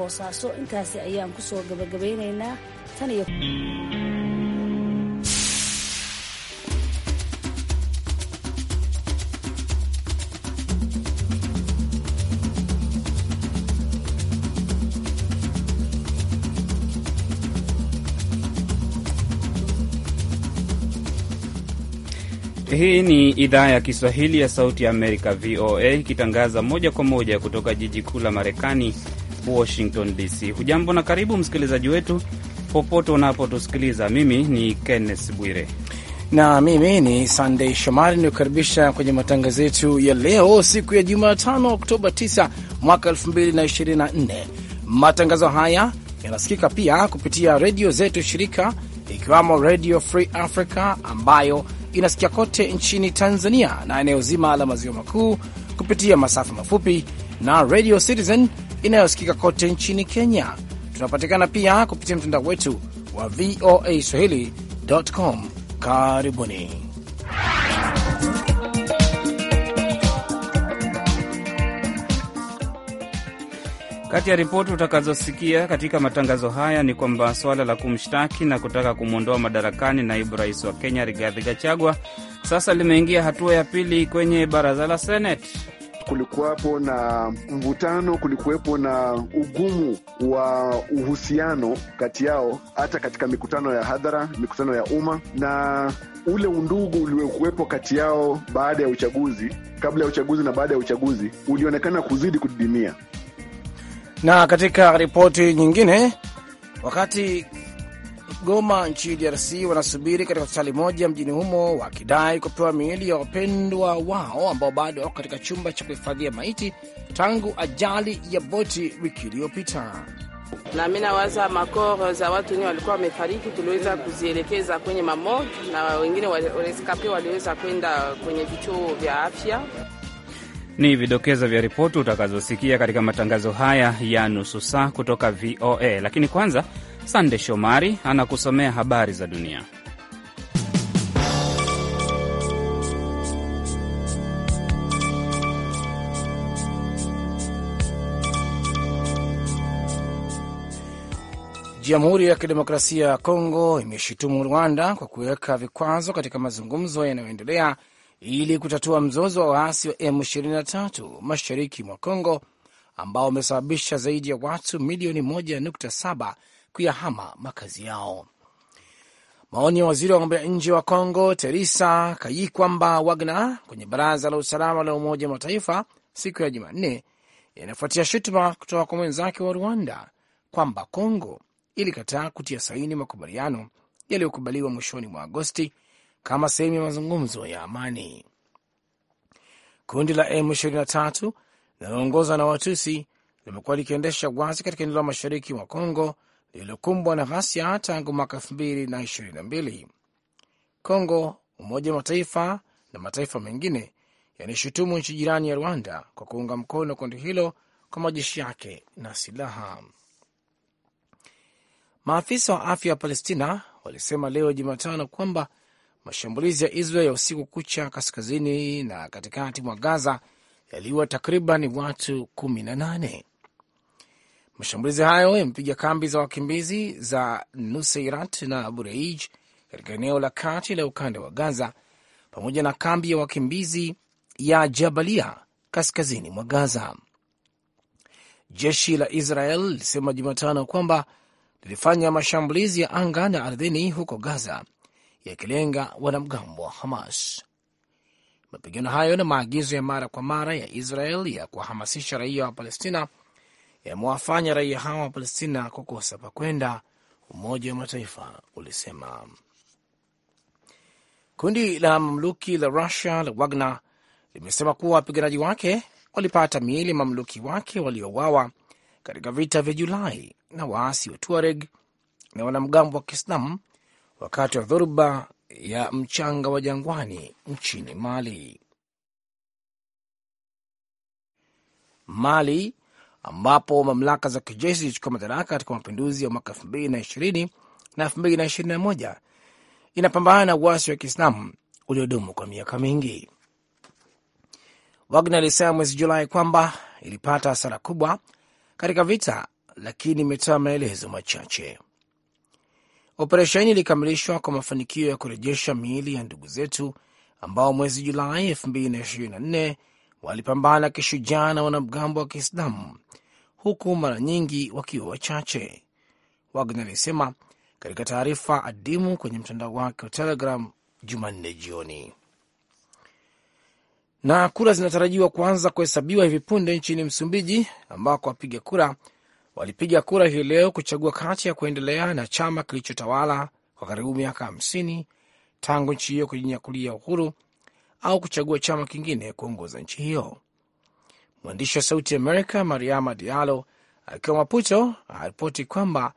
Boosaaso. Intaasi ayaan ku soo gabagabeynaynaa tan iyo Hii ni idhaa ya Kiswahili ya Sauti ya Amerika, VOA, ikitangaza moja kwa moja kutoka jiji kuu la Marekani, Washington DC. Hujambo na karibu msikilizaji wetu popote unapotusikiliza. Mimi ni Kenneth Bwire na mimi ni sandey Shomari, nikukaribisha kwenye matangazo yetu ya leo, siku ya Jumatano, Oktoba 9 mwaka 2024. Matangazo haya yanasikika pia kupitia redio zetu shirika, ikiwamo Radio Free Africa ambayo inasikia kote nchini Tanzania na eneo zima la maziwa makuu kupitia masafa mafupi na Radio Citizen inayosikika kote nchini Kenya. Tunapatikana pia kupitia mtandao wetu wa VOA Swahili.com. Karibuni. Kati ya ripoti utakazosikia katika matangazo haya ni kwamba suala la kumshtaki na kutaka kumwondoa madarakani naibu rais wa Kenya Rigathi Gachagua sasa limeingia hatua ya pili kwenye baraza la Seneti kulikuwapo na mvutano, kulikuwepo na ugumu wa uhusiano kati yao, hata katika mikutano ya hadhara, mikutano ya umma na ule undugu uliokuwepo kati yao baada ya uchaguzi, kabla ya uchaguzi na baada ya uchaguzi, ulionekana kuzidi kudidimia. Na katika ripoti nyingine, wakati Goma nchini DRC wanasubiri katika hospitali moja mjini humo wakidai kupewa miili ya wapendwa wao ambao bado wako katika chumba cha kuhifadhia maiti tangu ajali ya boti wiki iliyopita. Na mi nawaza makoro za watu wenye walikuwa wamefariki tuliweza kuzielekeza kwenye mamo na wengine wareskape waliweza kwenda kwenye vituo vya afya. Ni vidokezo vya ripoti utakazosikia katika matangazo haya ya nusu saa kutoka VOA, lakini kwanza Sande Shomari anakusomea habari za dunia. Jamhuri ya Kidemokrasia ya Kongo imeshutumu Rwanda kwa kuweka vikwazo katika mazungumzo yanayoendelea ili kutatua mzozo wa waasi wa M23 mashariki mwa Kongo ambao umesababisha zaidi ya watu milioni 1.7 kuyahama makazi yao. Maoni ya waziri wa mambo ya nje wa Congo Teresa Kayikwamba Wagner kwenye baraza la usalama la Umoja wa Mataifa siku ya Jumanne yanafuatia shutuma kutoka kwa mwenzake wa Rwanda kwamba congo ilikataa kutia saini makubaliano yaliyokubaliwa mwishoni mwa Agosti kama sehemu ya mazungumzo ya amani. Kundi la M23 linaloongozwa na Watusi limekuwa likiendesha wazi katika eneo la mashariki mwa congo lililokumbwa na ghasia tangu mwaka mbili. Kongo, Umoja wa Mataifa na mataifa mengine yanashutumu nchi jirani ya Rwanda kwa kuunga mkono kundi hilo kwa majeshi yake na silaha. Maafisa wa afya wa Palestina walisema leo Jumatano kwamba mashambulizi ya Israel ya usiku kucha kaskazini na katikati mwa Gaza yaliua takriban watu nane. Mashambulizi hayo yamepiga kambi za wakimbizi za Nuseirat na Bureij katika eneo la kati la ukanda wa Gaza pamoja na kambi ya wakimbizi ya Jabalia kaskazini mwa Gaza. Jeshi la Israel lilisema Jumatano kwamba lilifanya mashambulizi ya anga na ardhini huko Gaza yakilenga wanamgambo wa Hamas. Mapigano hayo na maagizo ya mara kwa mara ya Israel ya kuwahamasisha raia wa Palestina yamewafanya raia hao wa Palestina kukosa pa kwenda, Umoja wa Mataifa ulisema. Kundi la mamluki la Rusia la Wagner limesema kuwa wapiganaji wake walipata miili ya mamluki wake waliowawa katika vita vya Julai na waasi wa Tuareg na wanamgambo wa Kiislamu wakati wa dhoruba ya mchanga wa jangwani nchini Mali. Mali ambapo mamlaka za kijeshi zilichukua madaraka katika mapinduzi ya mwaka elfu mbili na ishirini na elfu mbili na ishirini na moja inapambana na uasi wa Kiislamu uliodumu kwa miaka mingi. Wagner alisema mwezi Julai kwamba ilipata hasara kubwa katika vita, lakini imetoa maelezo machache. Operesheni ilikamilishwa kwa mafanikio ya kurejesha miili ya ndugu zetu ambao mwezi Julai 2024 walipambana kishujaa na wanamgambo wa Kiislamu, huku mara nyingi wakiwa wachache, Wagner alisema katika taarifa adimu kwenye mtandao wake wa Telegram Jumanne jioni. Na kura zinatarajiwa kuanza kuhesabiwa hivi punde nchini Msumbiji, ambako wapiga kura walipiga kura hii leo kuchagua kati ya kuendelea na chama kilichotawala kwa karibu miaka hamsini tangu nchi hiyo kujinyakulia uhuru au kuchagua chama kingine kuongoza nchi hiyo. Mwandishi wa Sauti Amerika Mariama Diallo akiwa Maputo aripoti kwamba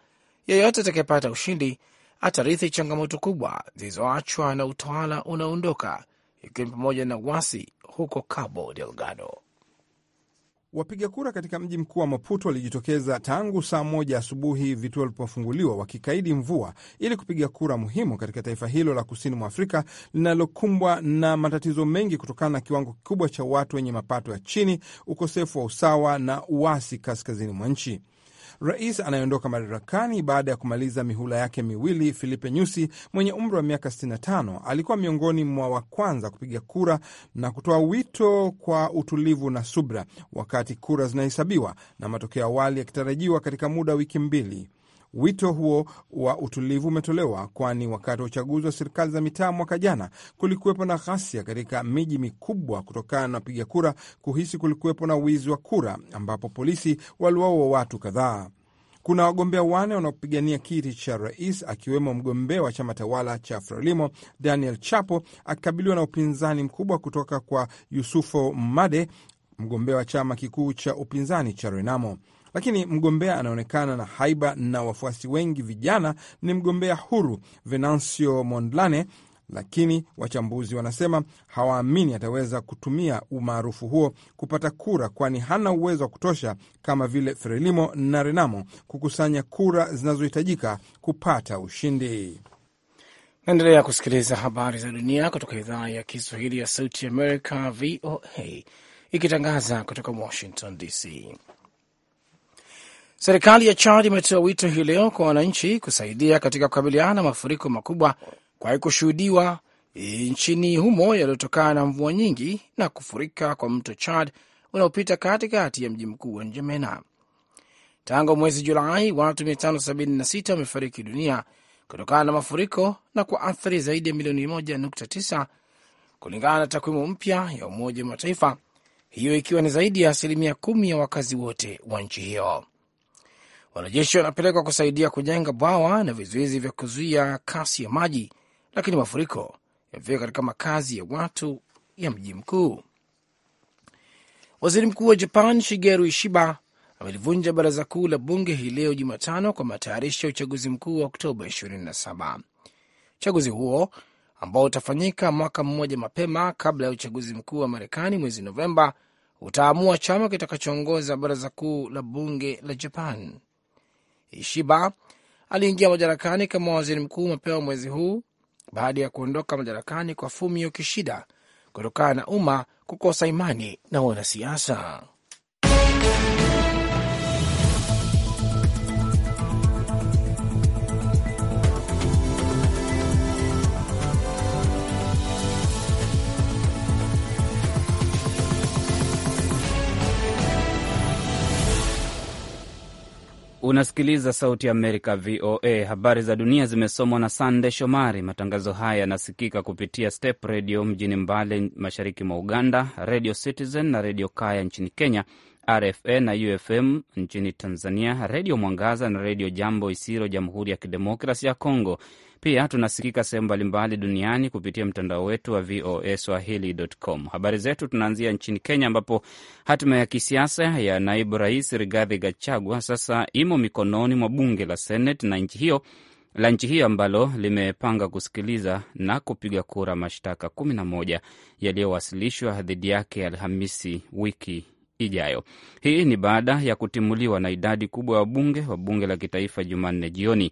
yeyote atakayepata ushindi atarithi changamoto kubwa zilizoachwa na utawala unaoondoka, ikiwa ni pamoja na uasi huko Cabo Delgado. Wapiga kura katika mji mkuu wa Maputo walijitokeza tangu saa moja asubuhi vituo walipofunguliwa wakikaidi mvua ili kupiga kura muhimu katika taifa hilo la kusini mwa Afrika linalokumbwa na matatizo mengi kutokana na kiwango kikubwa cha watu wenye mapato ya chini, ukosefu wa usawa na uasi kaskazini mwa nchi. Rais anayeondoka madarakani baada ya kumaliza mihula yake miwili, Filipe Nyusi mwenye umri wa miaka 65 alikuwa miongoni mwa wa kwanza kupiga kura na kutoa wito kwa utulivu na subra wakati kura zinahesabiwa na matokeo awali yakitarajiwa katika muda wa wiki mbili. Wito huo wa utulivu umetolewa kwani wakati wa uchaguzi wa serikali za mitaa mwaka jana kulikuwepo na ghasia katika miji mikubwa kutokana na wapiga kura kuhisi kulikuwepo na wizi wa kura, ambapo polisi waliwaua watu kadhaa. Kuna wagombea wane wanaopigania kiti cha rais akiwemo mgombea wa chama tawala cha Frelimo Daniel Chapo akikabiliwa na upinzani mkubwa kutoka kwa Yusufo Made, mgombea wa chama kikuu cha upinzani cha Renamo lakini mgombea anaonekana na haiba na wafuasi wengi vijana ni mgombea huru Venancio Mondlane, lakini wachambuzi wanasema hawaamini ataweza kutumia umaarufu huo kupata kura, kwani hana uwezo wa kutosha kama vile Frelimo na Renamo kukusanya kura zinazohitajika kupata ushindi. Naendelea kusikiliza habari za dunia kutoka idhaa ya Kiswahili ya Sauti ya Amerika, VOA, ikitangaza kutoka Washington DC. Serikali ya Chad imetoa wito hii leo kwa wananchi kusaidia katika kukabiliana na mafuriko makubwa kwa kushuhudiwa e, nchini humo yaliyotokana na mvua nyingi na kufurika kwa mto Chad unaopita katikati ya mji mkuu wa Njemena. Tangu mwezi Julai, watu 576 wamefariki dunia kutokana na mafuriko na kwa athari zaidi ya milioni 1.9 kulingana na takwimu mpya ya Umoja wa Mataifa, hiyo ikiwa ni zaidi ya asilimia kumi ya wakazi wote wa nchi hiyo. Wanajeshi wanapelekwa kusaidia kujenga bwawa na vizuizi vya kuzuia kasi ya maji, lakini mafuriko yamefika katika makazi ya watu ya mji mkuu. Waziri Mkuu wa Japan Shigeru Ishiba amelivunja baraza kuu la bunge hii leo Jumatano kwa matayarisho ya uchaguzi mkuu wa Oktoba 27. Uchaguzi huo ambao utafanyika mwaka mmoja mapema kabla ya uchaguzi mkuu wa Marekani mwezi Novemba utaamua chama kitakachoongoza baraza kuu la bunge la Japan. Ishiba aliingia madarakani kama waziri mkuu mapema mwezi huu baada ya kuondoka madarakani kwa Fumio Kishida kutokana na umma kukosa imani na wanasiasa. Unasikiliza Sauti ya Amerika, VOA. Habari za dunia zimesomwa na Sande Shomari. Matangazo haya yanasikika kupitia Step Redio mjini Mbale, mashariki mwa Uganda, Redio Citizen na Redio Kaya nchini Kenya, RFA na UFM nchini Tanzania, Redio Mwangaza na Redio Jambo Isiro, Jamhuri ya Kidemokrasi ya congo pia tunasikika sehemu mbalimbali duniani kupitia mtandao wetu wa VOA Swahili.com. Habari zetu tunaanzia nchini Kenya, ambapo hatima ya kisiasa ya naibu rais Rigathi Gachagua sasa imo mikononi mwa bunge la Seneti na nchi hiyo la nchi hiyo ambalo limepanga kusikiliza na kupiga kura mashtaka 11 yaliyowasilishwa dhidi yake Alhamisi wiki ijayo. Hii ni baada ya kutimuliwa na idadi kubwa ya wabunge wa bunge la kitaifa Jumanne jioni.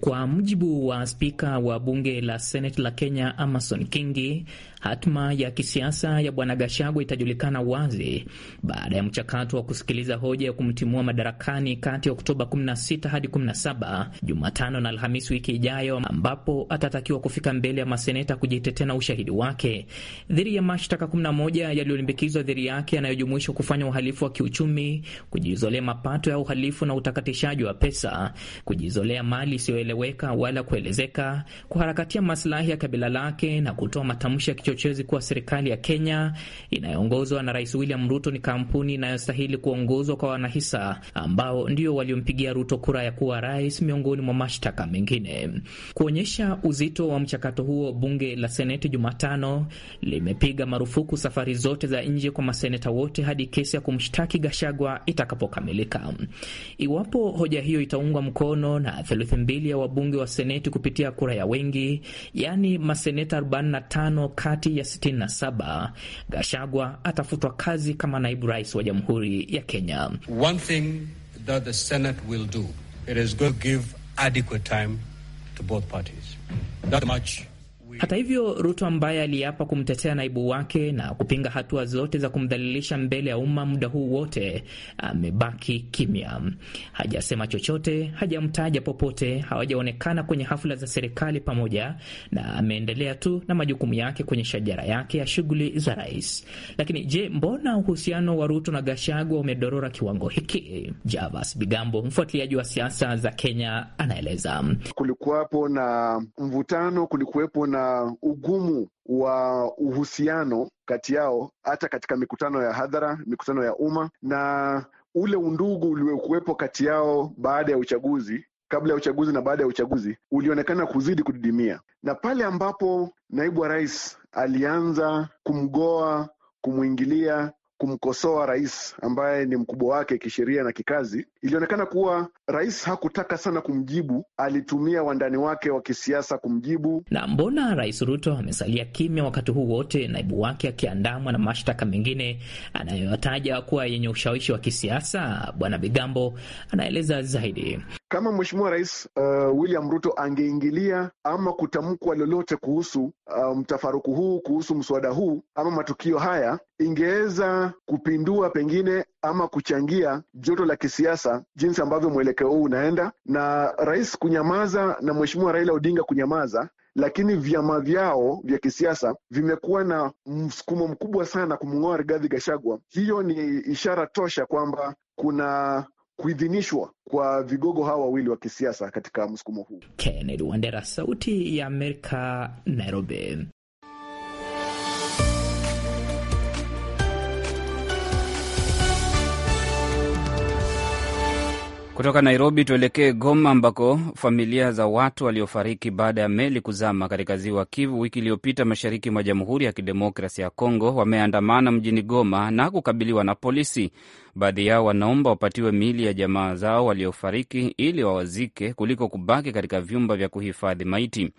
Kwa mujibu wa spika wa bunge la Senate la Kenya, Amason Kingi, hatma ya kisiasa ya bwana Gashagwa itajulikana wazi baada ya mchakato wa kusikiliza hoja ya kumtimua madarakani kati ya Oktoba 16 hadi 17, Jumatano na Alhamisi wiki ijayo, ambapo atatakiwa kufika mbele ya maseneta kujitetea na ushahidi wake dhidi ya mashtaka 11 yaliyolimbikizwa dhidi yake yanayojumuishwa kufanya uhalifu wa kiuchumi, kujizolea mapato ya uhalifu na utakatishaji wa pesa, kujizolea mali isiyo kueleweka wala kuelezeka, kuharakatia masilahi ya kabila lake na kutoa matamshi ya kichochezi kuwa serikali ya Kenya inayoongozwa na Rais William Ruto ni kampuni inayostahili kuongozwa kwa wanahisa ambao ndio waliompigia Ruto kura ya kuwa rais, miongoni mwa mashtaka mengine. Kuonyesha uzito wa mchakato huo, bunge la Seneti Jumatano limepiga marufuku safari zote za nje kwa maseneta wote hadi kesi ya kumshtaki Gashagwa itakapokamilika. Iwapo hoja hiyo itaungwa mkono na theluthi mbili ya wabunge wa seneti kupitia kura ya wengi, yaani maseneta 45 kati ya 67, Gashagwa atafutwa kazi kama naibu rais wa jamhuri ya Kenya. One thing that the Senate will do, it is going to give adequate time to both parties. That much hata hivyo, Ruto ambaye aliapa kumtetea naibu wake na kupinga hatua zote za kumdhalilisha mbele ya umma muda huu wote amebaki kimya, hajasema chochote, hajamtaja popote, hawajaonekana kwenye hafla za serikali pamoja, na ameendelea tu na majukumu yake kwenye shajara yake ya shughuli za rais. Lakini je, mbona uhusiano wa Ruto na Gashagwa umedorora kiwango hiki? Javas Bigambo, mfuatiliaji wa siasa za Kenya, anaeleza. Kulikuwapo na mvutano, kulikuwepo na Uh, ugumu wa uhusiano kati yao, hata katika mikutano ya hadhara, mikutano ya umma, na ule undugu uliokuwepo kati yao baada ya uchaguzi kabla ya uchaguzi na baada ya uchaguzi ulionekana kuzidi kudidimia, na pale ambapo naibu wa rais alianza kumgoa, kumwingilia, kumkosoa rais ambaye ni mkubwa wake kisheria na kikazi, Ilionekana kuwa rais hakutaka sana kumjibu, alitumia wandani wake wa kisiasa kumjibu. Na mbona Rais Ruto amesalia kimya wakati huu wote, naibu wake akiandamwa na mashtaka mengine anayoyataja kuwa yenye ushawishi wa kisiasa? Bwana Bigambo anaeleza zaidi. Kama mheshimiwa rais uh, William Ruto angeingilia ama kutamkwa lolote kuhusu uh, mtafaruku huu, kuhusu mswada huu ama matukio haya, ingeweza kupindua pengine ama kuchangia joto la kisiasa jinsi ambavyo mwelekeo huu unaenda, na rais kunyamaza na mheshimiwa Raila Odinga kunyamaza lakini vyama vyao vya kisiasa vimekuwa na msukumo mkubwa sana kumng'oa Rigathi Gachagua. Hiyo ni ishara tosha kwamba kuna kuidhinishwa kwa vigogo hawa wawili wa kisiasa katika msukumo huu. Kennedy Wandera, Sauti ya Amerika, Nairobi. Kutoka Nairobi tuelekee Goma ambako familia za watu waliofariki baada ya meli kuzama katika ziwa Kivu wiki iliyopita mashariki mwa Jamhuri ya Kidemokrasia ya Kongo wameandamana mjini Goma na kukabiliwa na polisi. Baadhi yao wanaomba wapatiwe miili ya jamaa zao waliofariki ili wawazike kuliko kubaki katika vyumba vya kuhifadhi maiti.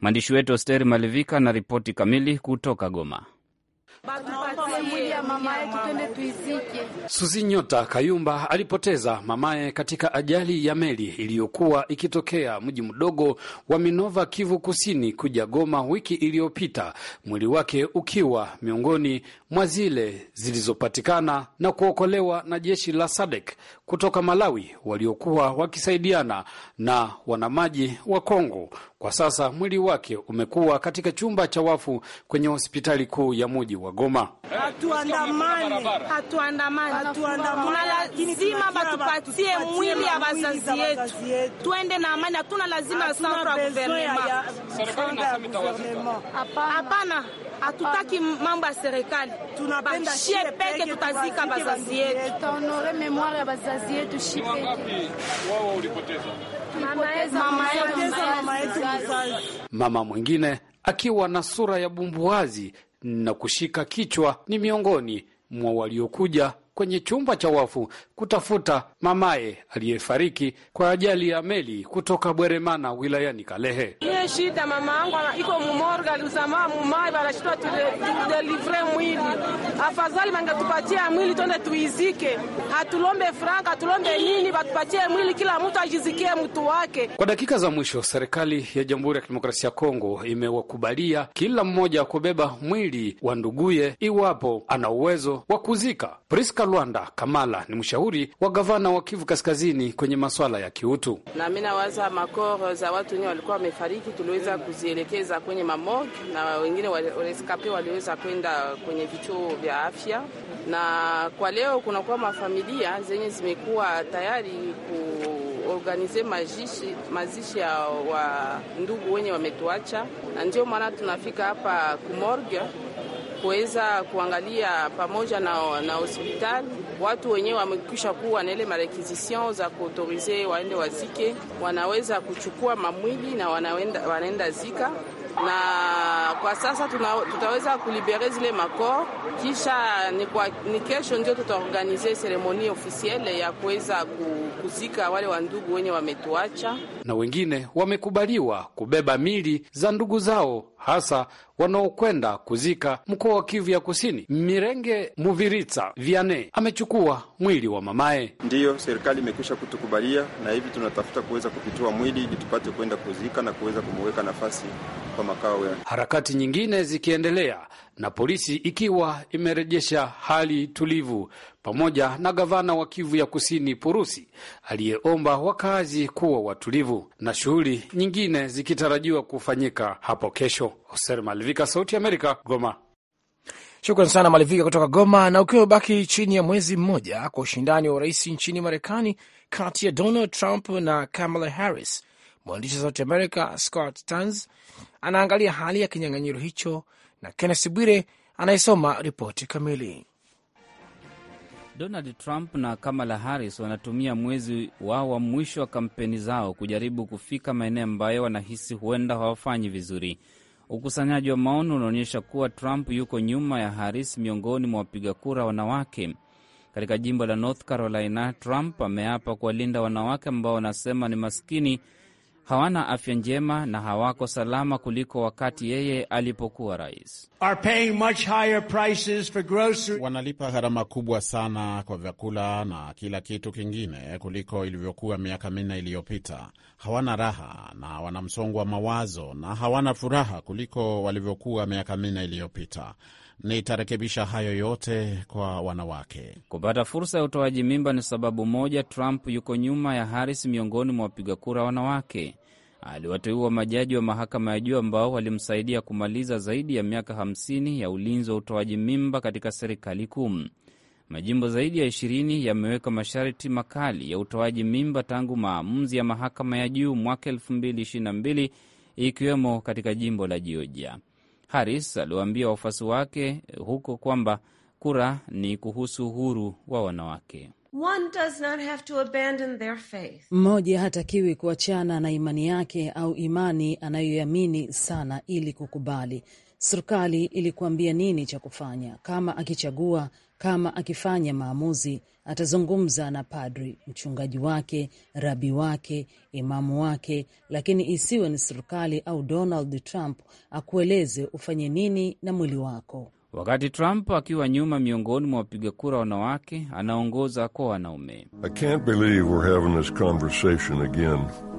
Mwandishi wetu hosteri Malivika anaripoti ripoti kamili kutoka Goma. Suzi Nyota Kayumba alipoteza mamaye katika ajali ya meli iliyokuwa ikitokea mji mdogo wa Minova, Kivu Kusini, kuja Goma wiki iliyopita, mwili wake ukiwa miongoni mwa zile zilizopatikana na kuokolewa na jeshi la Sadek kutoka Malawi waliokuwa wakisaidiana na wanamaji wa Kongo. Kwa sasa mwili wake umekuwa katika chumba cha wafu kwenye hospitali kuu ya muji wa Goma. lazima batupatie mwili ya bazazi yetu, tuende na amani. Hatuna lazima ya guvernema, hapana hatutaki ah, mambo ya serikali, tunapenda shie peke, tutazika bazazi yetu, tutaonore memoire ya bazazi yetu shie peke. Wao ulipoteza mama mwingine akiwa na sura ya bumbuazi na kushika kichwa ni miongoni mwa waliokuja kwenye chumba cha wafu kutafuta mamaye aliyefariki kwa ajali ya meli kutoka Bweremana wilayani Kalehe. Iye shida mama angu iko mumorga liusamaa mumai wanashitwa tudelivre mwili, afadhali mangetupatia mwili twende tuizike, hatulombe franka hatulombe nini, watupatie mwili, kila mtu ajizikie mtu wake. Kwa dakika za mwisho, serikali ya Jamhuri ya Kidemokrasia ya Kongo imewakubalia kila mmoja kubeba mwili wa nduguye iwapo ana uwezo wa kuzika Priska lwanda Kamala ni mshauri wa gavana wa Kivu Kaskazini kwenye maswala ya kiutu. Na mi nawaza za watu wenye walikuwa wamefariki tuliweza kuzielekeza kwenye mamog, na wengine wareskape waliweza kwenda kwenye vituo vya afya, na kwa leo kunakuwa mafamilia zenye zimekuwa tayari ku organize mazishi, mazishi ya wa ndugu wenye wametuacha, na ndio maana tunafika hapa kumorge kuweza kuangalia pamoja na, na hospitali watu wenyewe wamekwisha kuwa na ile marekizision za kuautorize waende wazike, wanaweza kuchukua mamwili na wanaenda, wanaenda zika na kwa sasa tuna, tutaweza kulibere zile makor kisha ni, kwa, ni kesho ndio tutaorganize seremoni ofisiele ya kuweza kuzika wale wa ndugu wenye wametuacha, na wengine wamekubaliwa kubeba mili za ndugu zao hasa wanaokwenda kuzika mkoa wa Kivu ya Kusini. Mirenge Muviritsa Viane amechukua mwili wa mamaye. Ndiyo, serikali imekwisha kutukubalia na hivi tunatafuta kuweza kupitua mwili ili tupate kwenda kuzika na kuweza kumuweka nafasi kwa makao yake. Harakati nyingine zikiendelea na polisi ikiwa imerejesha hali tulivu, pamoja na gavana wa Kivu ya Kusini Purusi aliyeomba wakazi kuwa watulivu, na shughuli nyingine zikitarajiwa kufanyika hapo kesho. Hoser Malivika, Sauti ya Amerika, Goma. Shukran sana Malivika kutoka Goma. Na ukiwa umebaki chini ya mwezi mmoja kwa ushindani wa urais nchini Marekani kati ya Donald Trump na Kamala Harris, mwandishi wa Sauti america Scott Tans anaangalia hali ya kinyang'anyiro hicho na Kennes Bwire anayesoma ripoti kamili. Donald Trump na Kamala Harris wanatumia mwezi wao wa mwisho wa kampeni zao kujaribu kufika maeneo ambayo wanahisi huenda hawafanyi vizuri. Ukusanyaji wa maoni unaonyesha kuwa Trump yuko nyuma ya Harris miongoni mwa wapiga kura wanawake. Katika jimbo la North Carolina, Trump ameapa kuwalinda wanawake ambao wanasema ni maskini hawana afya njema na hawako salama kuliko wakati yeye alipokuwa rais. Wanalipa gharama kubwa sana kwa vyakula na kila kitu kingine kuliko ilivyokuwa miaka minne iliyopita. Hawana raha na wana msongo wa mawazo na hawana furaha kuliko walivyokuwa miaka minne iliyopita nitarekebisha hayo yote kwa wanawake. Kupata fursa ya utoaji mimba ni sababu moja. Trump yuko nyuma ya Harris miongoni mwa wapiga kura wanawake. Aliwateua majaji wa mahakama ya juu ambao walimsaidia kumaliza zaidi ya miaka 50 ya ulinzi wa utoaji mimba katika serikali kuu. Majimbo zaidi ya 20 yameweka masharti makali ya utoaji mimba tangu maamuzi ya mahakama ya juu mwaka 2022 ikiwemo katika jimbo la Georgia. Harris aliwaambia wafuasi wake eh, huko kwamba kura ni kuhusu uhuru wa wanawake. Mmoja hatakiwi kuachana na imani yake au imani anayoiamini sana ili kukubali. Serikali ilikuambia nini cha kufanya? Kama akichagua kama akifanya maamuzi atazungumza na padri, mchungaji wake, rabi wake, imamu wake, lakini isiwe ni serikali au Donald Trump akueleze ufanye nini na mwili wako. Wakati Trump akiwa nyuma miongoni mwa wapiga kura wanawake, anaongoza kwa wanaume.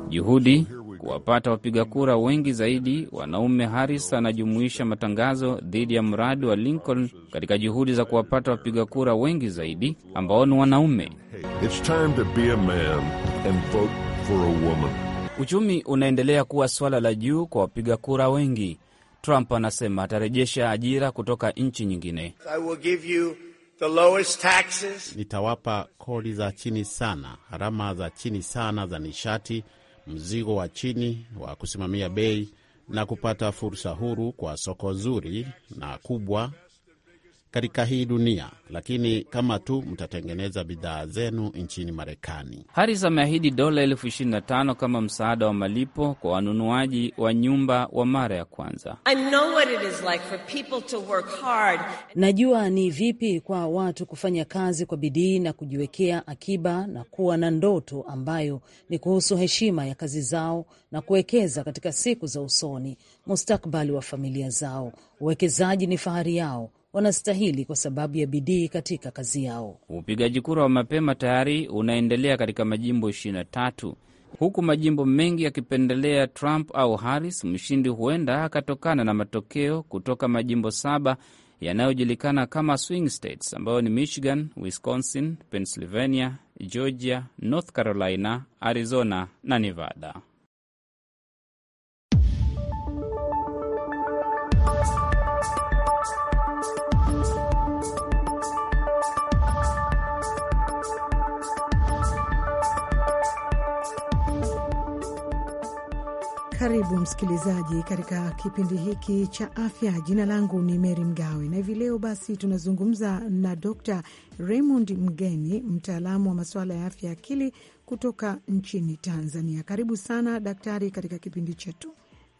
Juhudi kuwapata wapiga kura wengi zaidi wanaume, Harris anajumuisha matangazo dhidi ya mradi wa Lincoln katika juhudi za kuwapata wapiga kura wengi zaidi ambao ni wanaume. Uchumi unaendelea kuwa swala la juu kwa wapiga kura wengi. Trump anasema atarejesha ajira kutoka nchi nyingine. Nitawapa kodi za chini sana, gharama za chini sana za nishati mzigo wa chini wa kusimamia bei na kupata fursa huru kwa soko zuri na kubwa katika hii dunia, lakini kama tu mtatengeneza bidhaa zenu nchini Marekani. Haris ameahidi dola elfu ishirini kama msaada wa malipo kwa wanunuaji wa nyumba wa mara ya kwanza. Like najua ni vipi kwa watu kufanya kazi kwa bidii na kujiwekea akiba na kuwa na ndoto ambayo ni kuhusu heshima ya kazi zao na kuwekeza katika siku za usoni, mustakbali wa familia zao. Uwekezaji ni fahari yao wanastahili kwa sababu ya bidii katika kazi yao. Upigaji kura wa mapema tayari unaendelea katika majimbo 23 huku majimbo mengi yakipendelea Trump au Harris. Mshindi huenda akatokana na matokeo kutoka majimbo saba yanayojulikana kama swing states ambayo ni Michigan, Wisconsin, Pennsylvania, Georgia, North Carolina, Arizona na Nevada. Karibu msikilizaji katika kipindi hiki cha afya. Jina langu ni Meri Mgawe na hivi leo basi tunazungumza na Dr Raymond Mgeni, mtaalamu wa masuala ya afya ya akili kutoka nchini Tanzania. Karibu sana daktari katika kipindi chetu.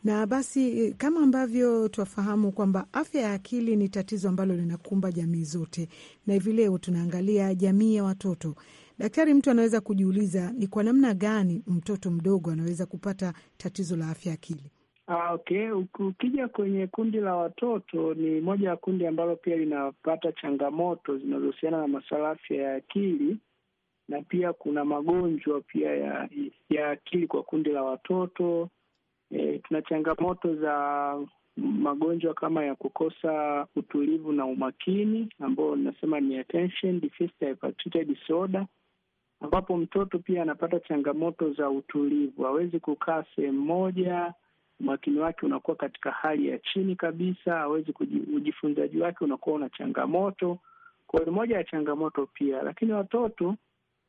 Na basi kama ambavyo twafahamu kwamba afya ya akili ni tatizo ambalo linakumba jamii zote, na hivi leo tunaangalia jamii ya watoto Daktari, mtu anaweza kujiuliza ni kwa namna gani mtoto mdogo anaweza kupata tatizo la afya akili? Ah, okay. Ukija kwenye kundi la watoto, ni moja ya kundi ambalo pia linapata changamoto zinazohusiana na masuala afya ya akili, na pia kuna magonjwa pia ya, ya akili kwa kundi la watoto. E, tuna changamoto za magonjwa kama ya kukosa utulivu na umakini ambao nasema ni attention deficit hyperactivity disorder ambapo mtoto pia anapata changamoto za utulivu, hawezi kukaa sehemu moja, umakini wake unakuwa katika hali ya chini kabisa, hawezi ujifunzaji wake unakuwa una changamoto. Kwa hiyo moja ya changamoto pia, lakini watoto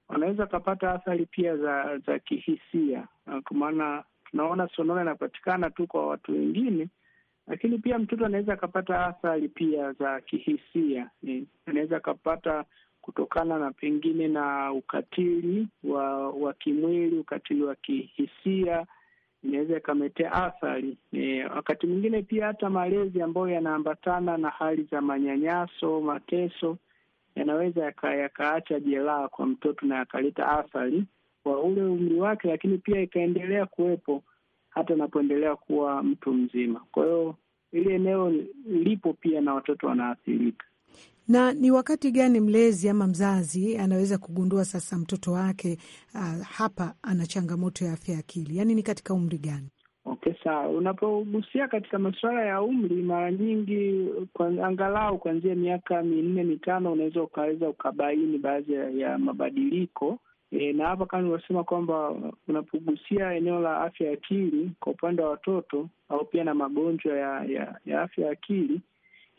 wanaweza wakapata athari pia za za kihisia, kwa maana tunaona sonona inapatikana tu kwa watu wengine, lakini pia mtoto anaweza akapata athari pia za kihisia, anaweza akapata kutokana na pengine na ukatili wa wa kimwili, ukatili wa kihisia, inaweza ikametea athari e, wakati mwingine pia hata malezi ambayo yanaambatana na hali za manyanyaso, mateso yanaweza yakaacha yaka jeraha kwa mtoto na yakaleta athari kwa ule umri wake, lakini pia ikaendelea kuwepo hata anapoendelea kuwa mtu mzima. Kwa hiyo ile eneo lipo pia na watoto wanaathirika. Na ni wakati gani mlezi ama mzazi anaweza kugundua sasa mtoto wake uh, hapa ana changamoto ya afya ya akili, yaani ni katika umri gani? Okay, sawa. Unapogusia katika masuala ya umri, mara nyingi kwa angalau kuanzia miaka minne mitano unaweza ukaweza ukabaini baadhi ya mabadiliko e, na hapa kama nilivyosema kwamba unapogusia eneo la afya ya akili kwa upande wa watoto au pia na magonjwa ya, ya, ya afya ya akili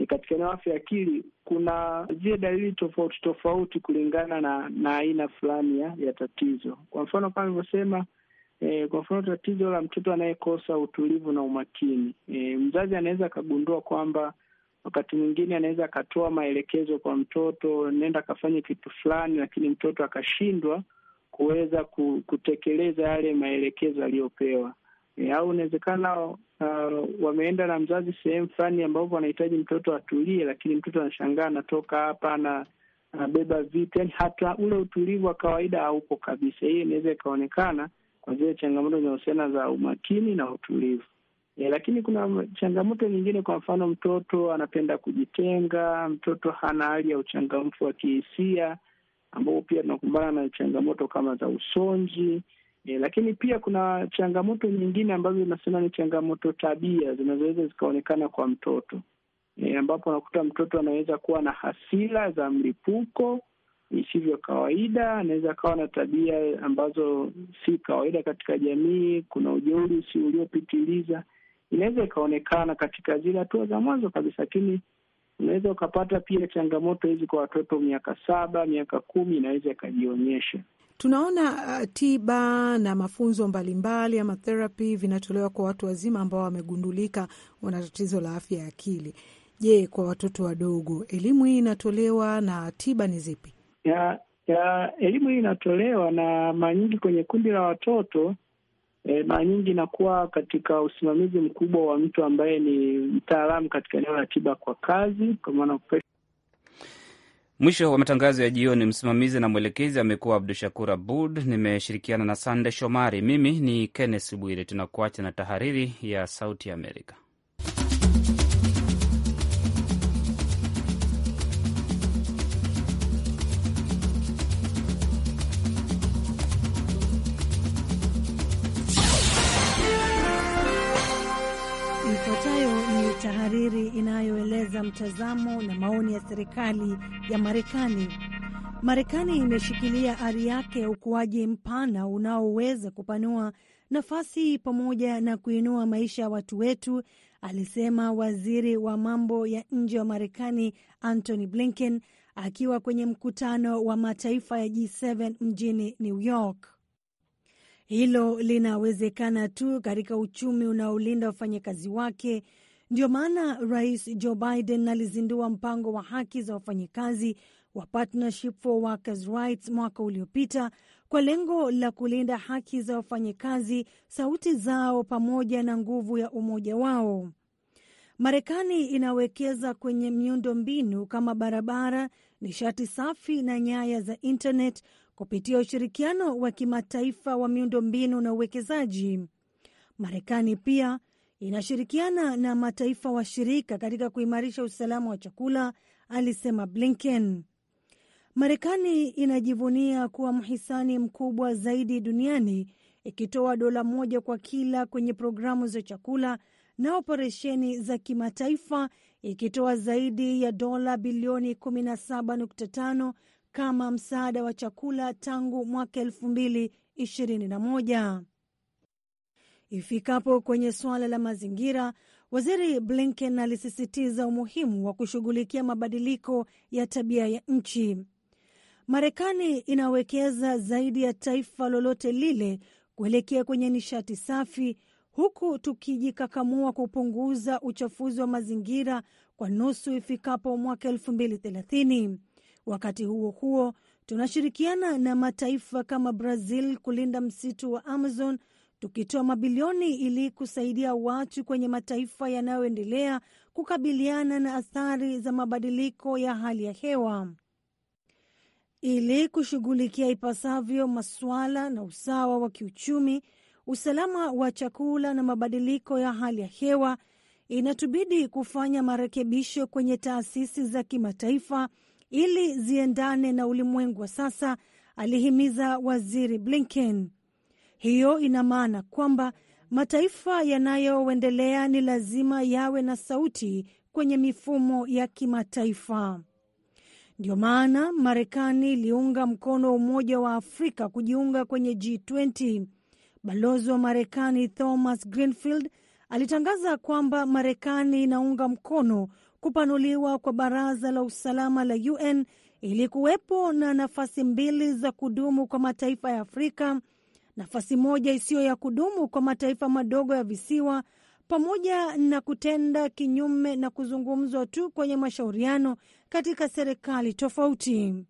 katika eneo afya ya akili kuna zile dalili tofauti tofauti kulingana na na aina fulani ya, ya tatizo. Kwa mfano kama nilivyosema, e, kwa mfano tatizo la mtoto anayekosa utulivu na umakini, e, mzazi anaweza akagundua kwamba wakati mwingine anaweza akatoa maelekezo kwa mtoto, nenda akafanye kitu fulani, lakini mtoto akashindwa kuweza kutekeleza yale maelekezo aliyopewa. E, au inawezekana uh, wameenda na mzazi sehemu fulani ambapo wanahitaji mtoto atulie, lakini mtoto anashangaa anatoka hapa na anabeba vitu, yani hata ule utulivu wa kawaida haupo kabisa. Hiyo inaweza ikaonekana kwa zile changamoto zinahusiana za umakini na utulivu. E, lakini kuna changamoto nyingine. Kwa mfano, mtoto anapenda kujitenga, mtoto hana hali ya uchangamfu wa kihisia, ambapo pia tunakumbana na changamoto kama za usonji E, lakini pia kuna changamoto nyingine ambazo zinasema ni changamoto tabia zinazoweza zikaonekana kwa mtoto e, ambapo unakuta mtoto anaweza kuwa na hasira za mlipuko isivyo kawaida, anaweza akawa na tabia ambazo si kawaida katika jamii. Kuna ujeuri si uliopitiliza, inaweza ikaonekana katika zile hatua za mwanzo kabisa, lakini unaweza ukapata pia changamoto hizi kwa watoto miaka saba, miaka kumi, inaweza ikajionyesha tunaona uh, tiba na mafunzo mbalimbali ama therapy vinatolewa kwa watu wazima ambao wamegundulika wana tatizo la afya ya akili. Je, kwa watoto wadogo elimu hii inatolewa na tiba ni zipi? ya, ya, elimu hii inatolewa na mara nyingi kwenye kundi la watoto e, mara nyingi inakuwa katika usimamizi mkubwa wa mtu ambaye ni mtaalamu katika eneo la tiba kwa kazi, kwa maana Mwisho wa matangazo ya jioni. Msimamizi na mwelekezi amekuwa Abdu Shakur Abud, nimeshirikiana na Sande Shomari. Mimi ni Kenneth Bwire. Tunakuacha na tahariri ya Sauti Amerika. tahariri inayoeleza mtazamo na maoni ya serikali ya Marekani. Marekani imeshikilia ari yake ya ukuaji mpana unaoweza kupanua nafasi pamoja na kuinua maisha ya watu wetu, alisema waziri wa mambo ya nje wa Marekani Antony Blinken akiwa kwenye mkutano wa mataifa ya G7 mjini New York. Hilo linawezekana tu katika uchumi unaolinda wafanyakazi wake ndio maana Rais Joe Biden alizindua mpango wa haki za wafanyikazi wa Partnership for Workers Rights mwaka uliopita kwa lengo la kulinda haki za wafanyikazi, sauti zao, pamoja na nguvu ya umoja wao. Marekani inawekeza kwenye miundo mbinu kama barabara, nishati safi na nyaya za intanet kupitia ushirikiano wa kimataifa wa miundo mbinu na uwekezaji. Marekani pia inashirikiana na mataifa washirika katika kuimarisha usalama wa chakula, alisema Blinken. Marekani inajivunia kuwa mhisani mkubwa zaidi duniani ikitoa dola moja kwa kila kwenye programu za chakula na operesheni za kimataifa ikitoa zaidi ya dola bilioni 17.5 kama msaada wa chakula tangu mwaka 2021. Ifikapo kwenye suala la mazingira, Waziri Blinken alisisitiza umuhimu wa kushughulikia mabadiliko ya tabia ya nchi. Marekani inawekeza zaidi ya taifa lolote lile kuelekea kwenye nishati safi, huku tukijikakamua kupunguza uchafuzi wa mazingira kwa nusu ifikapo mwaka 2030. Wakati huo huo, tunashirikiana na mataifa kama Brazil kulinda msitu wa Amazon tukitoa mabilioni ili kusaidia watu kwenye mataifa yanayoendelea kukabiliana na athari za mabadiliko ya hali ya hewa. Ili kushughulikia ipasavyo masuala na usawa wa kiuchumi, usalama wa chakula na mabadiliko ya hali ya hewa, inatubidi kufanya marekebisho kwenye taasisi za kimataifa ili ziendane na ulimwengu wa sasa, alihimiza Waziri Blinken. Hiyo ina maana kwamba mataifa yanayoendelea ni lazima yawe na sauti kwenye mifumo ya kimataifa. ndio maana Marekani iliunga mkono Umoja wa Afrika kujiunga kwenye G20. Balozi wa Marekani Thomas Greenfield alitangaza kwamba Marekani inaunga mkono kupanuliwa kwa Baraza la Usalama la UN ili kuwepo na nafasi mbili za kudumu kwa mataifa ya Afrika nafasi moja isiyo ya kudumu kwa mataifa madogo ya visiwa, pamoja na kutenda kinyume na kuzungumzwa tu kwenye mashauriano katika serikali tofauti.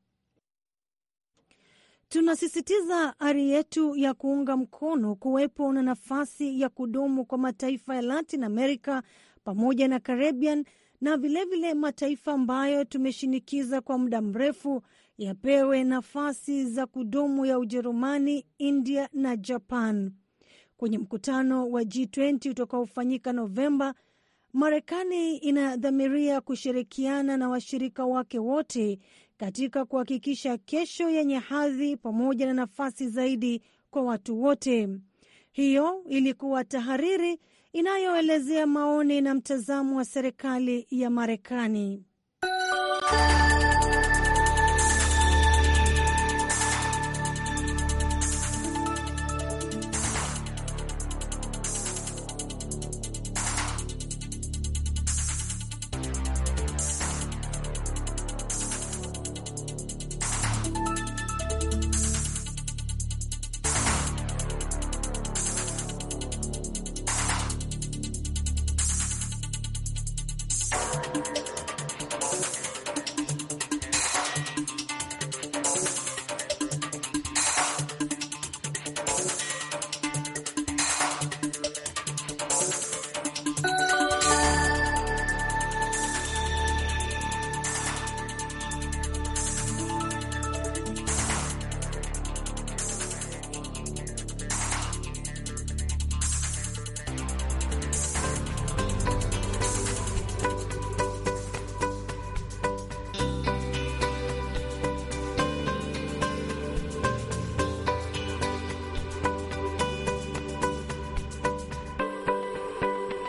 Tunasisitiza ari yetu ya kuunga mkono kuwepo na nafasi ya kudumu kwa mataifa ya Latin America pamoja na Caribbean na vilevile vile mataifa ambayo tumeshinikiza kwa muda mrefu yapewe nafasi za kudumu ya Ujerumani, India na Japan. Kwenye mkutano wa G20 utakaofanyika Novemba, Marekani inadhamiria kushirikiana na washirika wake wote katika kuhakikisha kesho yenye hadhi pamoja na nafasi zaidi kwa watu wote. Hiyo ilikuwa tahariri inayoelezea maoni na mtazamo wa serikali ya Marekani.